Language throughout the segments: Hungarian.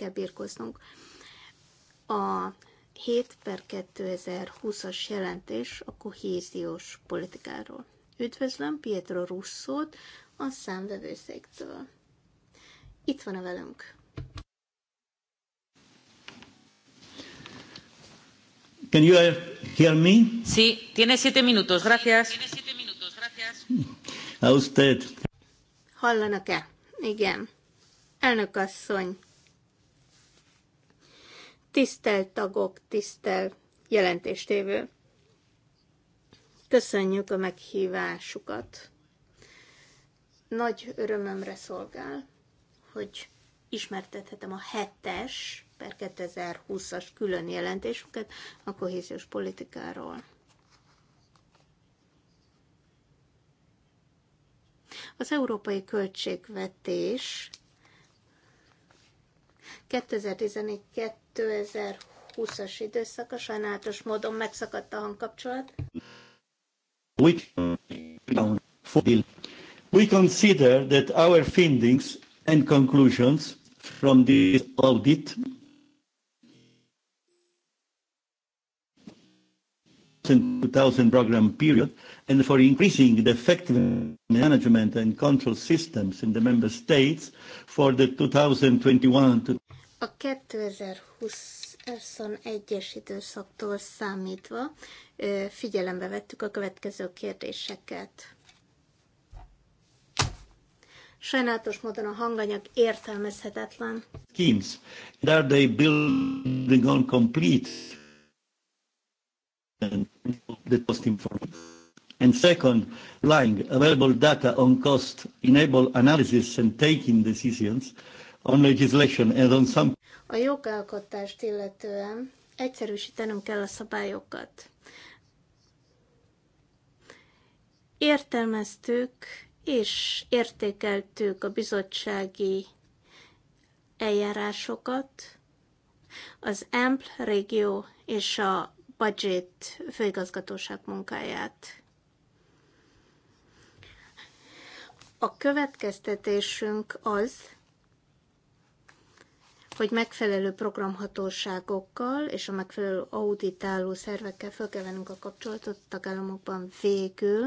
kell birkoznunk. A 7 per 2020-as jelentés a kohéziós politikáról. Üdvözlöm Pietro Russzót a számvevőszéktől. Itt van a velünk. Can you hear me? Sí, tiene siete minutos, gracias. Tiene siete minutos, gracias. A usted. Hallanak-e? Igen. Elnök asszony, Tisztelt tagok, tisztelt jelentéstévő! Köszönjük a meghívásukat! Nagy örömömre szolgál, hogy ismertethetem a hetes per 2020-as külön jelentésünket a kohéziós politikáról. Az európai költségvetés 2014-2020-as időszaka sajnálatos módon megszakadt a hangkapcsolat. We, consider that our findings and conclusions from this audit 2000 program period and for increasing the effective management and control systems in the member states for the 2021 to a 2021-es időszaktól számítva figyelembe vettük a következő kérdéseket. Sajnálatos módon a hanganyag értelmezhetetlen. Schemes. Are they building on complete the cost information. And second, lying available data on cost enable analysis and taking decisions on legislation and on some... A jogalkotást illetően egyszerűsítenünk kell a szabályokat. Értelmeztük és értékeltük a bizottsági eljárásokat, az EMPL régió és a budget főigazgatóság munkáját. A következtetésünk az, hogy megfelelő programhatóságokkal és a megfelelő auditáló szervekkel fel kell vennünk a kapcsolatot a tagállamokban végül,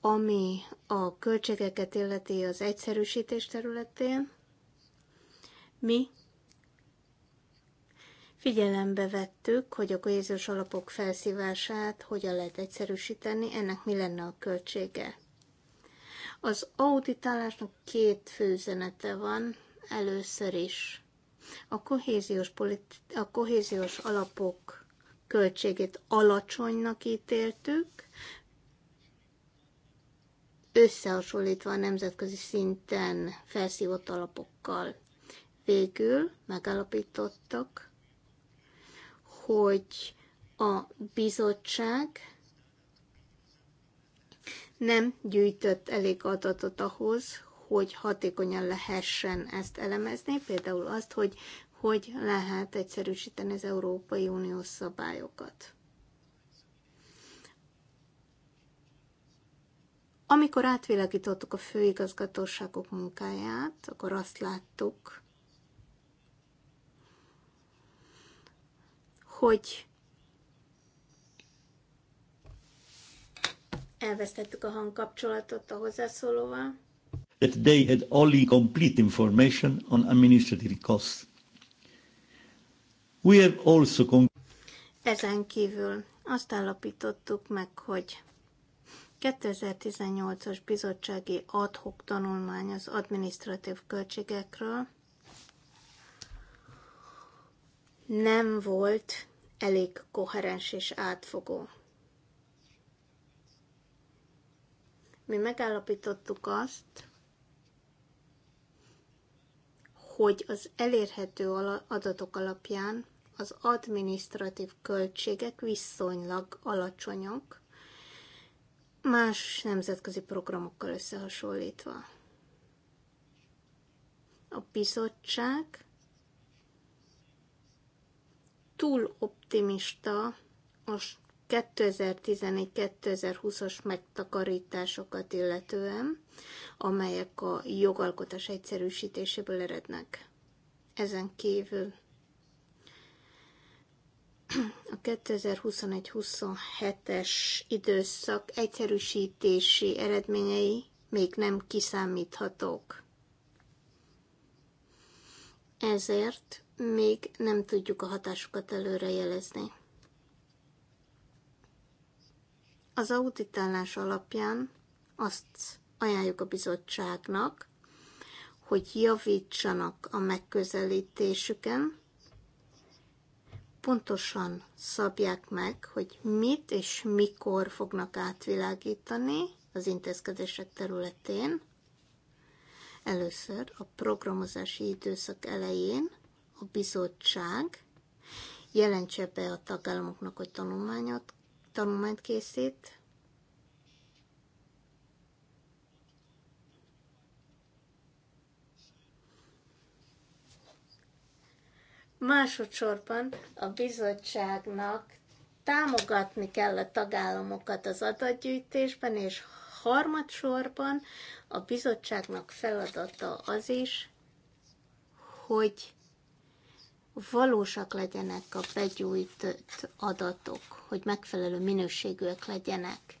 ami a költségeket illeti az egyszerűsítés területén. Mi Figyelembe vettük, hogy a kohéziós alapok felszívását hogyan lehet egyszerűsíteni, ennek mi lenne a költsége. Az auditálásnak két fő üzenete van. Először is a kohéziós, politi- a kohéziós alapok költségét alacsonynak ítéltük, összehasonlítva a nemzetközi szinten felszívott alapokkal. Végül megállapítottak, hogy a bizottság nem gyűjtött elég adatot ahhoz, hogy hatékonyan lehessen ezt elemezni, például azt, hogy hogy lehet egyszerűsíteni az Európai Uniós szabályokat. Amikor átvilágítottuk a főigazgatóságok munkáját, akkor azt láttuk, hogy elvesztettük a hangkapcsolatot a hozzászólóval. That they had only complete information on administrative costs. We have also ezen kívül azt állapítottuk meg, hogy 2018-as bizottsági adhok tanulmány az administratív költségekről nem volt elég koherens és átfogó. Mi megállapítottuk azt, hogy az elérhető adatok alapján az administratív költségek viszonylag alacsonyok, más nemzetközi programokkal összehasonlítva. A bizottság túl optimista a 2014-2020-as megtakarításokat illetően, amelyek a jogalkotás egyszerűsítéséből erednek. Ezen kívül a 2021-27-es időszak egyszerűsítési eredményei még nem kiszámíthatók ezért még nem tudjuk a hatásukat előre jelezni. Az auditálás alapján azt ajánljuk a bizottságnak, hogy javítsanak a megközelítésüken, pontosan szabják meg, hogy mit és mikor fognak átvilágítani az intézkedések területén, Először a programozási időszak elején a bizottság jelentse be a tagállamoknak, hogy tanulmányot, tanulmányt készít, Másodszorban a bizottságnak támogatni kell a tagállamokat az adatgyűjtésben, és harmadsorban a bizottságnak feladata az is, hogy valósak legyenek a begyújtott adatok, hogy megfelelő minőségűek legyenek.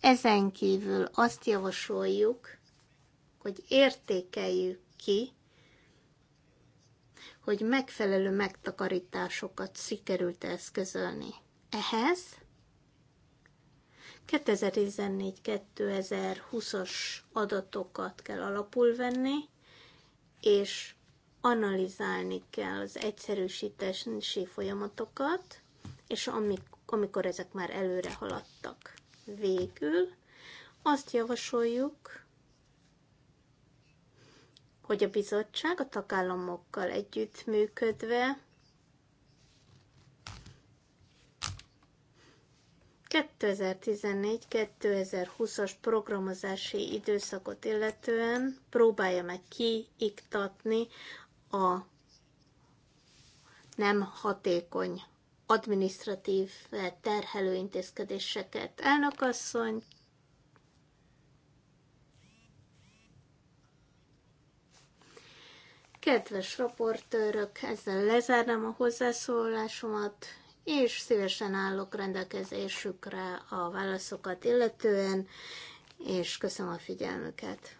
Ezen kívül azt javasoljuk, hogy értékeljük ki, hogy megfelelő megtakarításokat sikerült eszközölni. Ehhez 2014-2020-as adatokat kell alapul venni, és analizálni kell az egyszerűsítési folyamatokat, és amikor ezek már előre haladtak. Végül azt javasoljuk, hogy a bizottság a tagállamokkal együttműködve 2014-2020-as programozási időszakot illetően próbálja meg kiiktatni a nem hatékony administratív terhelő intézkedéseket. Elnökasszony, Kedves raportőrök, ezzel lezárnám a hozzászólásomat és szívesen állok rendelkezésükre a válaszokat illetően, és köszönöm a figyelmüket.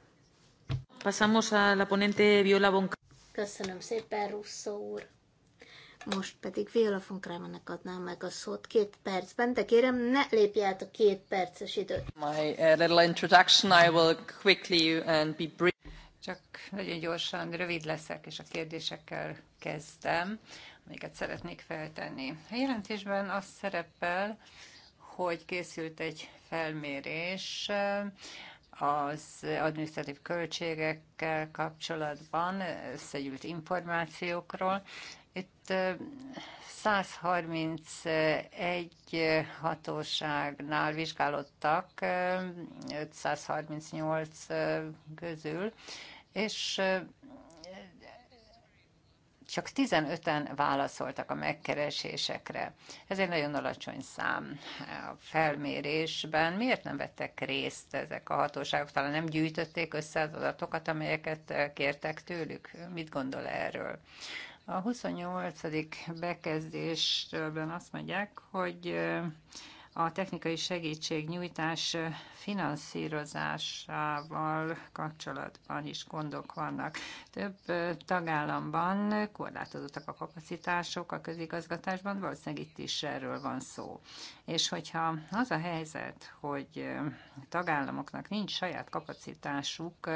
Pasamos a la ponente Viola Bonca. Köszönöm szépen, Russzó úr. Most pedig Viola von Krámennek adnám meg a szót két percben, de kérem, ne lépj át a két perces időt. My uh, little introduction, I will quickly uh, and be brief. Csak nagyon gyorsan, rövid leszek, és a kérdésekkel kezdtem amiket szeretnék feltenni. A jelentésben az szerepel, hogy készült egy felmérés eh, az administratív költségekkel kapcsolatban összegyűlt információkról. Itt 131 eh, hatóságnál vizsgálódtak, 538 eh, közül, és csak 15-en válaszoltak a megkeresésekre. Ez egy nagyon alacsony szám eh, a felmérésben. Miért nem vettek részt ezek a hatóságok? Talán nem gyűjtötték össze az adatokat, amelyeket eh, kértek tőlük? Mit gondol erről? A 28. bekezdésben azt mondják, hogy eh, a technikai segítségnyújtás finanszírozásával kapcsolatban is gondok vannak. Több tagállamban korlátozottak a kapacitások a közigazgatásban, valószínűleg itt is erről van szó. És hogyha az a helyzet, hogy tagállamoknak nincs saját kapacitásuk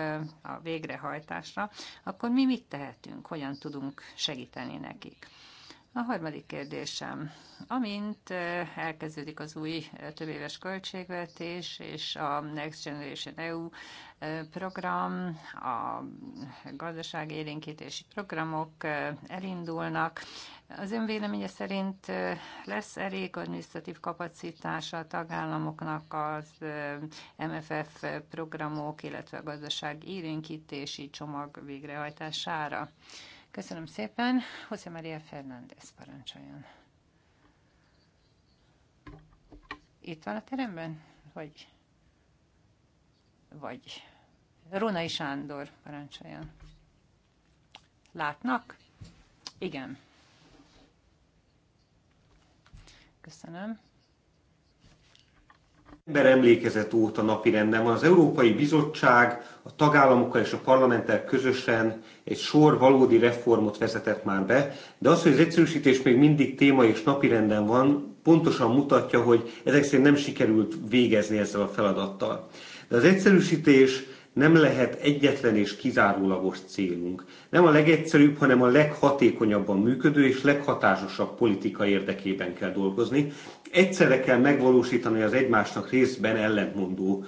a végrehajtásra, akkor mi mit tehetünk, hogyan tudunk segíteni nekik? A harmadik kérdésem. Amint elkezdődik az új többéves költségvetés és a Next Generation EU program, a gazdasági élénkítési programok elindulnak, az ön véleménye szerint lesz elég adminisztratív kapacitása a tagállamoknak az MFF programok, illetve a gazdaság élénkítési csomag végrehajtására? Köszönöm szépen. José Maria Fernández parancsoljon. Itt van a teremben? Vagy? Vagy? Rónai Sándor parancsoljon. Látnak? Igen. Köszönöm. December emlékezet óta napirenden van. Az Európai Bizottság a tagállamokkal és a parlamenttel közösen egy sor valódi reformot vezetett már be, de az, hogy az egyszerűsítés még mindig téma és napirenden van, pontosan mutatja, hogy ezek szerint nem sikerült végezni ezzel a feladattal. De az egyszerűsítés nem lehet egyetlen és kizárólagos célunk. Nem a legegyszerűbb, hanem a leghatékonyabban működő és leghatásosabb politika érdekében kell dolgozni. Egyszerre kell megvalósítani az egymásnak részben ellentmondó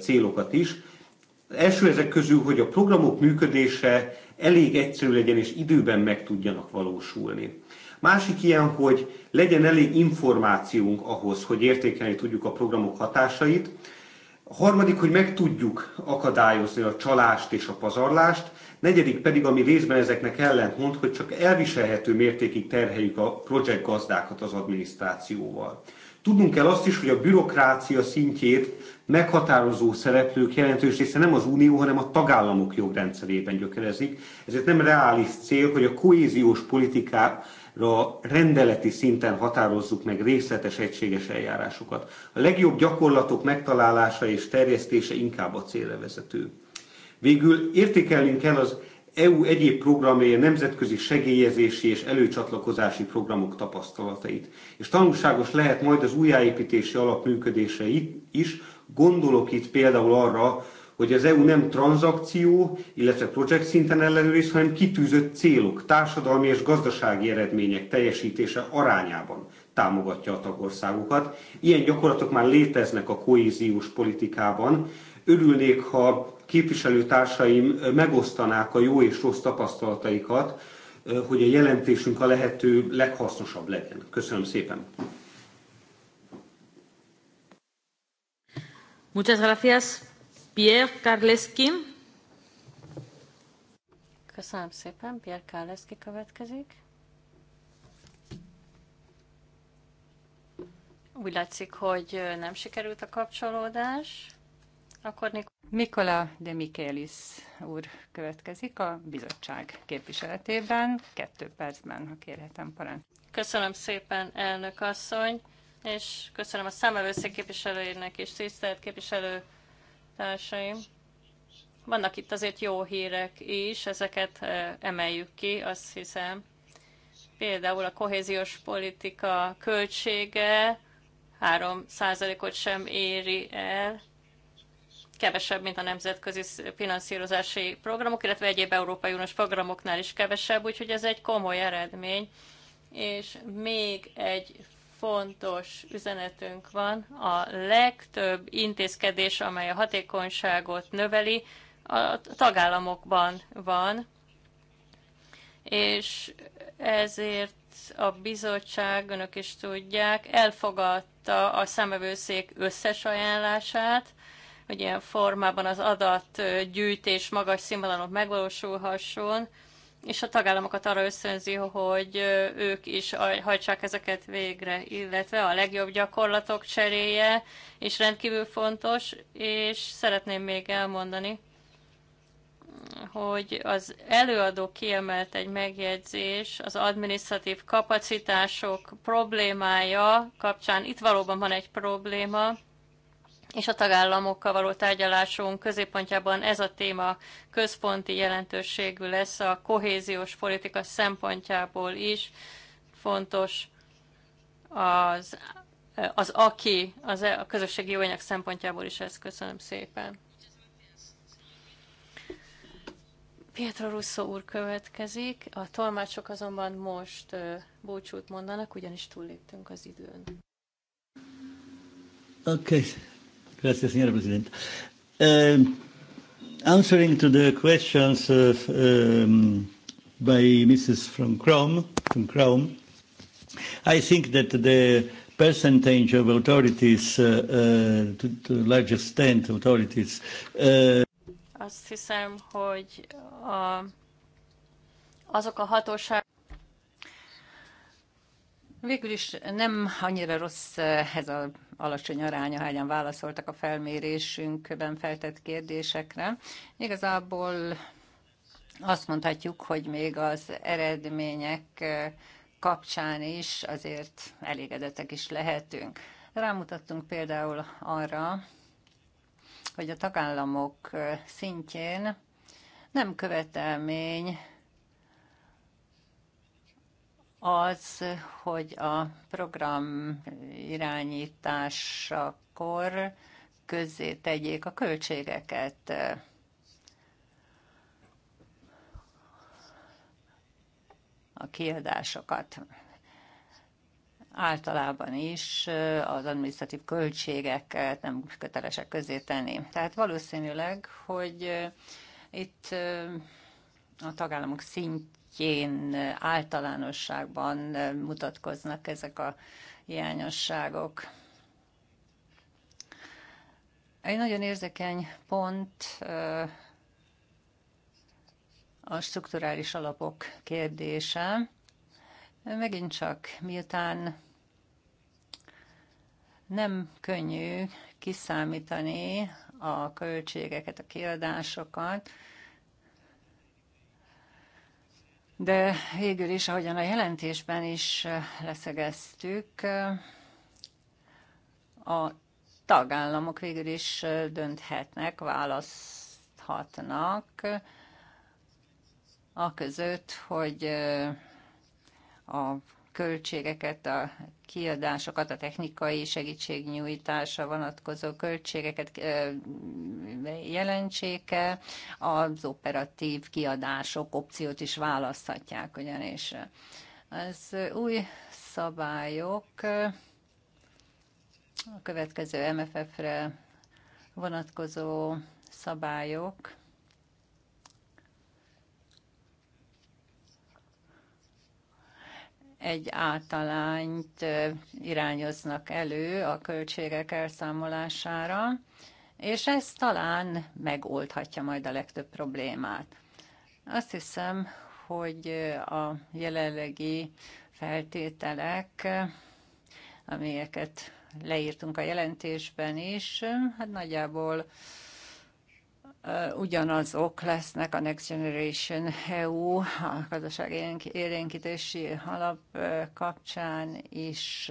célokat is. Első ezek közül, hogy a programok működése elég egyszerű legyen és időben meg tudjanak valósulni. Másik ilyen, hogy legyen elég információnk ahhoz, hogy értékelni tudjuk a programok hatásait, a harmadik, hogy meg tudjuk akadályozni a csalást és a pazarlást. Negyedik pedig, ami részben ezeknek ellentmond, hogy csak elviselhető mértékig terheljük a projekt gazdákat az adminisztrációval. Tudnunk kell azt is, hogy a bürokrácia szintjét meghatározó szereplők jelentős része nem az Unió, hanem a tagállamok jogrendszerében gyökerezik. Ezért nem reális cél, hogy a kohéziós politikát ra rendeleti szinten határozzuk meg részletes egységes eljárásokat. A legjobb gyakorlatok megtalálása és terjesztése inkább a célra vezető. Végül értékelnünk kell az EU egyéb programjai, nemzetközi segélyezési és előcsatlakozási programok tapasztalatait. És tanulságos lehet majd az újjáépítési alap működése is, gondolok itt például arra, hogy az EU nem tranzakció, illetve projekt szinten ellenőriz, hanem kitűzött célok, társadalmi és gazdasági eredmények teljesítése arányában támogatja a tagországokat. Ilyen gyakorlatok már léteznek a kohéziós politikában. Örülnék, ha képviselőtársaim megosztanák a jó és rossz tapasztalataikat, hogy a jelentésünk a lehető leghasznosabb legyen. Köszönöm szépen! Muchas gracias. Pierre Karleski. Köszönöm szépen, Pierre Karleski következik. Úgy látszik, hogy nem sikerült a kapcsolódás. Akkor Nik- Mikola de Michelis úr következik a bizottság képviseletében. Kettő percben, ha kérhetem, parancs. Köszönöm szépen, elnök asszony, és köszönöm a számövőszék képviselőjének is, tisztelt képviselő társaim. Vannak itt azért jó hírek is, ezeket eh, emeljük ki, azt hiszem. Például a kohéziós politika költsége 3%-ot sem éri el, kevesebb, mint a nemzetközi finanszírozási programok, illetve egyéb Európai Uniós programoknál is kevesebb, úgyhogy ez egy komoly eredmény. És még egy fontos üzenetünk van. A legtöbb intézkedés, amely a hatékonyságot növeli, a tagállamokban van, és ezért a bizottság, önök is tudják, elfogadta a szemevőszék összes ajánlását, hogy ilyen formában az adatgyűjtés magas színvonalon megvalósulhasson, és a tagállamokat arra összönzi, hogy ők is hajtsák ezeket végre, illetve a legjobb gyakorlatok cseréje és rendkívül fontos, és szeretném még elmondani, hogy az előadó kiemelt egy megjegyzés az administratív kapacitások problémája kapcsán. Itt valóban van egy probléma, és a tagállamokkal való tárgyalásunk középpontjában ez a téma központi jelentőségű lesz a kohéziós politika szempontjából is. Fontos az, az aki, az, e, a közösségi jóanyag szempontjából is ez. Köszönöm szépen. Pietro Russo úr következik, a tolmácsok azonban most búcsút mondanak, ugyanis túlléptünk az időn. Okay. Gracias, señora presidenta. Um, answering to the questions of, um, by Mrs. from Chrome, from Chrome, I think that the percentage of authorities, uh, uh, to, to a large extent authorities. Uh, Azt hiszem, hogy a, azok a hatóság végül is nem annyira rossz eh, ez a alacsony aránya, hányan válaszoltak a felmérésünkben feltett kérdésekre. Igazából azt mondhatjuk, hogy még az eredmények kapcsán is azért elégedettek is lehetünk. Rámutattunk például arra, hogy a tagállamok szintjén nem követelmény az, hogy a program irányításakor közzé tegyék a költségeket. a kiadásokat. Általában is az administratív költségeket nem kötelesek közé tenni. Tehát valószínűleg, hogy itt a tagállamok szint szintjén általánosságban mutatkoznak ezek a hiányosságok. Egy nagyon érzékeny pont a strukturális alapok kérdése. Megint csak, miután nem könnyű kiszámítani a költségeket, a kiadásokat, de végül is, ahogyan a jelentésben is leszegeztük, a tagállamok végül is dönthetnek, választhatnak a között, hogy a költségeket, a kiadásokat, a technikai segítségnyújtásra vonatkozó költségeket jelentséke, az operatív kiadások opciót is választhatják ugyanis. Az új szabályok a következő MFF-re vonatkozó szabályok egy általányt irányoznak elő a költségek elszámolására, és ez talán megoldhatja majd a legtöbb problémát. Azt hiszem, hogy a jelenlegi feltételek, amelyeket leírtunk a jelentésben is, hát nagyjából ugyanazok lesznek a Next Generation EU, a gazdaság élénkítési alap kapcsán is.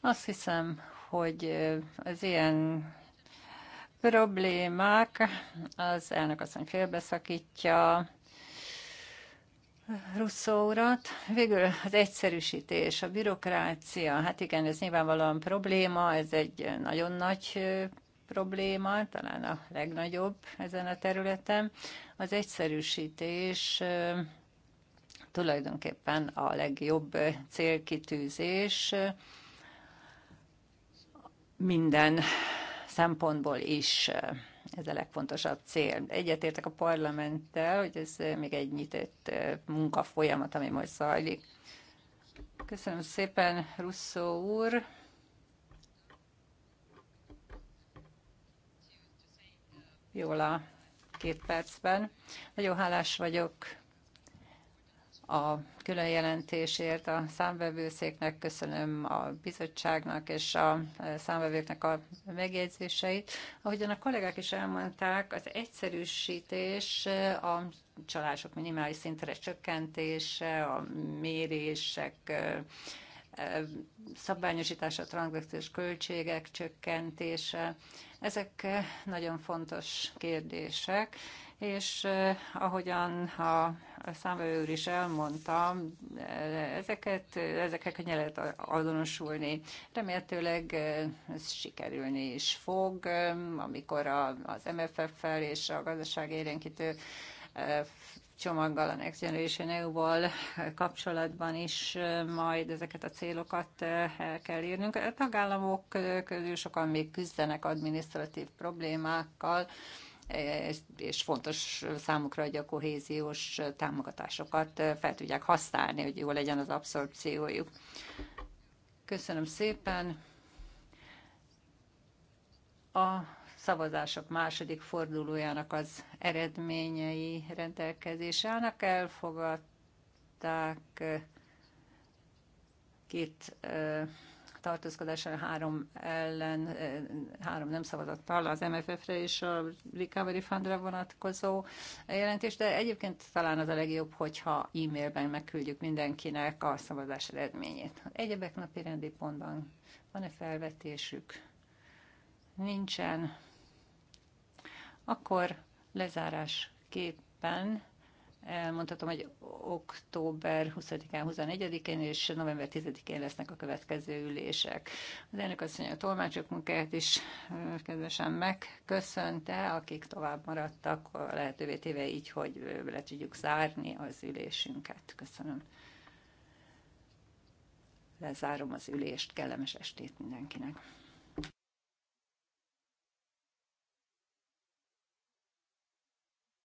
Azt hiszem, hogy az ilyen problémák az elnök asszony félbeszakítja, Russzó urat. Végül az egyszerűsítés, a bürokrácia, hát igen, ez nyilvánvalóan probléma, ez egy nagyon nagy probléma, talán a legnagyobb ezen a területen. Az egyszerűsítés tulajdonképpen a legjobb célkitűzés minden szempontból is ez a legfontosabb cél. Egyetértek a parlamenttel, hogy ez még egy nyitott munkafolyamat, ami most zajlik. Köszönöm szépen, Russzó úr. jól a két percben. Nagyon hálás vagyok a külön jelentésért a számvevőszéknek, köszönöm a bizottságnak és a számvevőknek a megjegyzéseit. Ahogyan a kollégák is elmondták, az egyszerűsítés a csalások minimális szintre csökkentése, a mérések szabványosítása, tranzakciós költségek csökkentése. Ezek nagyon fontos kérdések, és eh, ahogyan a számvevőr is elmondta, eh, ezeket, ezekkel könnyen lehet azonosulni. Remélhetőleg eh, ez sikerülni is fog, amikor az MFF-fel és a gazdaság érénkítő csomaggal, a Next Generation eu kapcsolatban is majd ezeket a célokat el kell írnunk. A tagállamok közül sokan még küzdenek adminisztratív problémákkal, és fontos számukra, hogy a kohéziós támogatásokat fel tudják használni, hogy jó legyen az abszorpciójuk. Köszönöm szépen. A szavazások második fordulójának az eredményei rendelkezésre állnak. Elfogadták két tartózkodással három ellen, három nem szavazattal az MFF-re és a Recovery Fundra vonatkozó jelentés, de egyébként talán az a legjobb, hogyha e-mailben megküldjük mindenkinek a szavazás eredményét. Egyebek napi rendi pontban van-e felvetésük? Nincsen. Akkor lezárásképpen elmondhatom, hogy október 20-án, 21 én és november 10-én lesznek a következő ülések. Az elnök asszony a tolmácsok munkáját is kedvesen megköszönte, akik tovább maradtak, lehetővé téve így, hogy le tudjuk zárni az ülésünket. Köszönöm. Lezárom az ülést, kellemes estét mindenkinek.